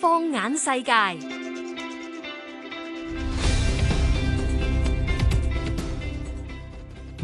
放眼世界。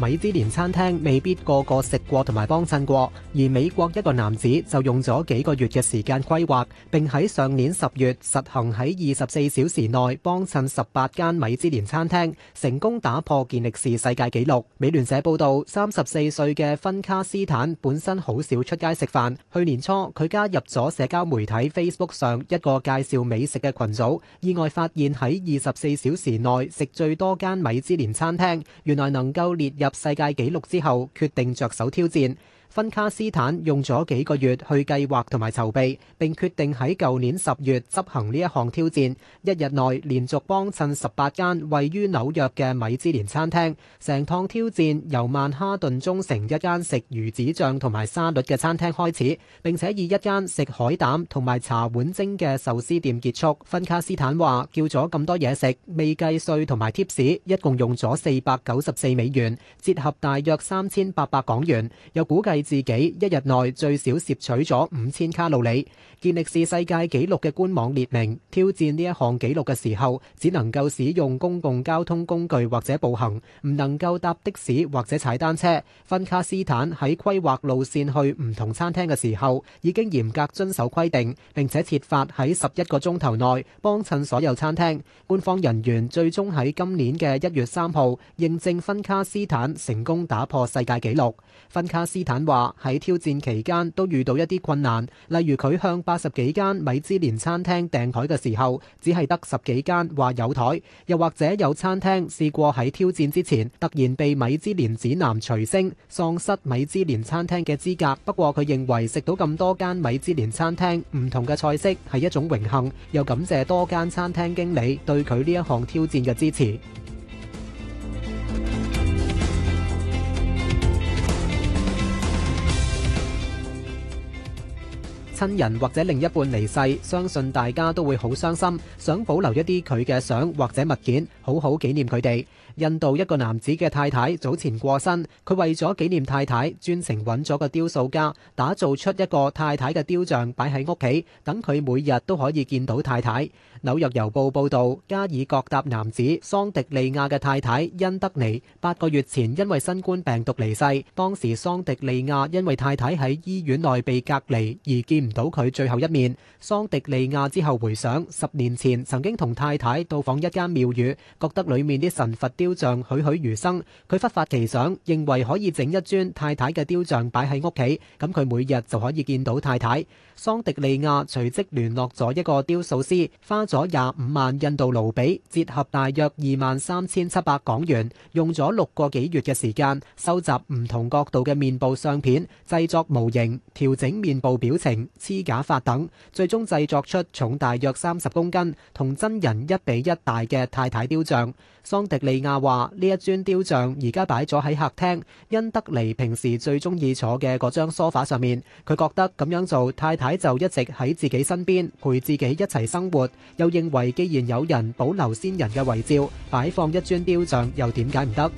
米芝蓮餐廳未必個個食過同埋幫襯過，而美國一個男子就用咗幾個月嘅時間規劃，並喺上年十月實行，喺二十四小時內幫襯十八間米芝蓮餐廳，成功打破健力士世界紀錄。美聯社報道，三十四歲嘅芬卡斯坦本身好少出街食飯，去年初佢加入咗社交媒體 Facebook 上一個介紹美食嘅群組，意外發現喺二十四小時內食最多間米芝蓮餐廳，原來能夠列入世界紀錄之後，決定着手挑戰。芬卡斯坦用咗幾個月去計劃同埋籌備，並決定喺舊年十月執行呢一項挑戰，一日內連續幫襯十八間位於紐約嘅米芝蓮餐廳。成趟挑戰由曼哈頓中城一間食魚子醬同埋沙律嘅餐廳開始，並且以一間食海膽同埋茶碗蒸嘅壽司店結束。芬卡斯坦話叫咗咁多嘢食，未計稅同埋貼士，一共用咗四百九十四美元，折合大約三千八百港元。又估計，自己一日內最少攝取咗五千卡路里。健力士世界紀錄嘅官網列明，挑戰呢一項紀錄嘅時候，只能夠使用公共交通工具或者步行，唔能夠搭的士或者踩單車。芬卡斯坦喺規劃路綫去唔同餐廳嘅時候，已經嚴格遵守規定，並且設法喺十一個鐘頭內幫襯所有餐廳。官方人員最終喺今年嘅一月三號，認證芬卡斯坦成功打破世界紀錄。芬卡斯坦。話喺挑戰期間都遇到一啲困難，例如佢向八十幾間米芝蓮餐廳訂檯嘅時候，只係得十幾間話有檯，又或者有餐廳試過喺挑戰之前突然被米芝蓮指南除星，喪失米芝蓮餐廳嘅資格。不過佢認為食到咁多間米芝蓮餐廳唔同嘅菜式係一種榮幸，又感謝多間餐廳經理對佢呢一項挑戰嘅支持。親人或者另一半離世，相信大家都會好傷心，想保留一啲佢嘅相或者物件，好好紀念佢哋。印度一個男子嘅太太早前過身，佢為咗紀念太太，專程揾咗個雕塑家打造出一個太太嘅雕像擺喺屋企，等佢每日都可以見到太太。紐約郵報報導，加爾各答男子桑迪利亞嘅太太恩德尼八個月前因為新冠病毒離世，當時桑迪利亞因為太太喺醫院內被隔離而見唔到佢最後一面。桑迪利亞之後回想，十年前曾經同太太到訪一間廟宇，覺得裡面啲神佛雕。雕像栩栩如生，佢忽發奇想，認為可以整一尊太太嘅雕像擺喺屋企，咁佢每日就可以見到太太。桑迪利亞隨即聯絡咗一個雕塑師，花咗廿五萬印度盧比，折合大約二萬三千七百港元，用咗六個幾月嘅時間，收集唔同角度嘅面部相片，製作模型，調整面部表情、黐假髮等，最終製作出重大約三十公斤、同真人一比一大嘅太太雕像。桑迪利亞。話呢一尊雕像而家擺咗喺客廳，因德尼平時最中意坐嘅嗰張梳化上面。佢覺得咁樣做，太太就一直喺自己身邊陪自己一齊生活，又認為既然有人保留先人嘅遺照，擺放一尊雕像又點解唔得？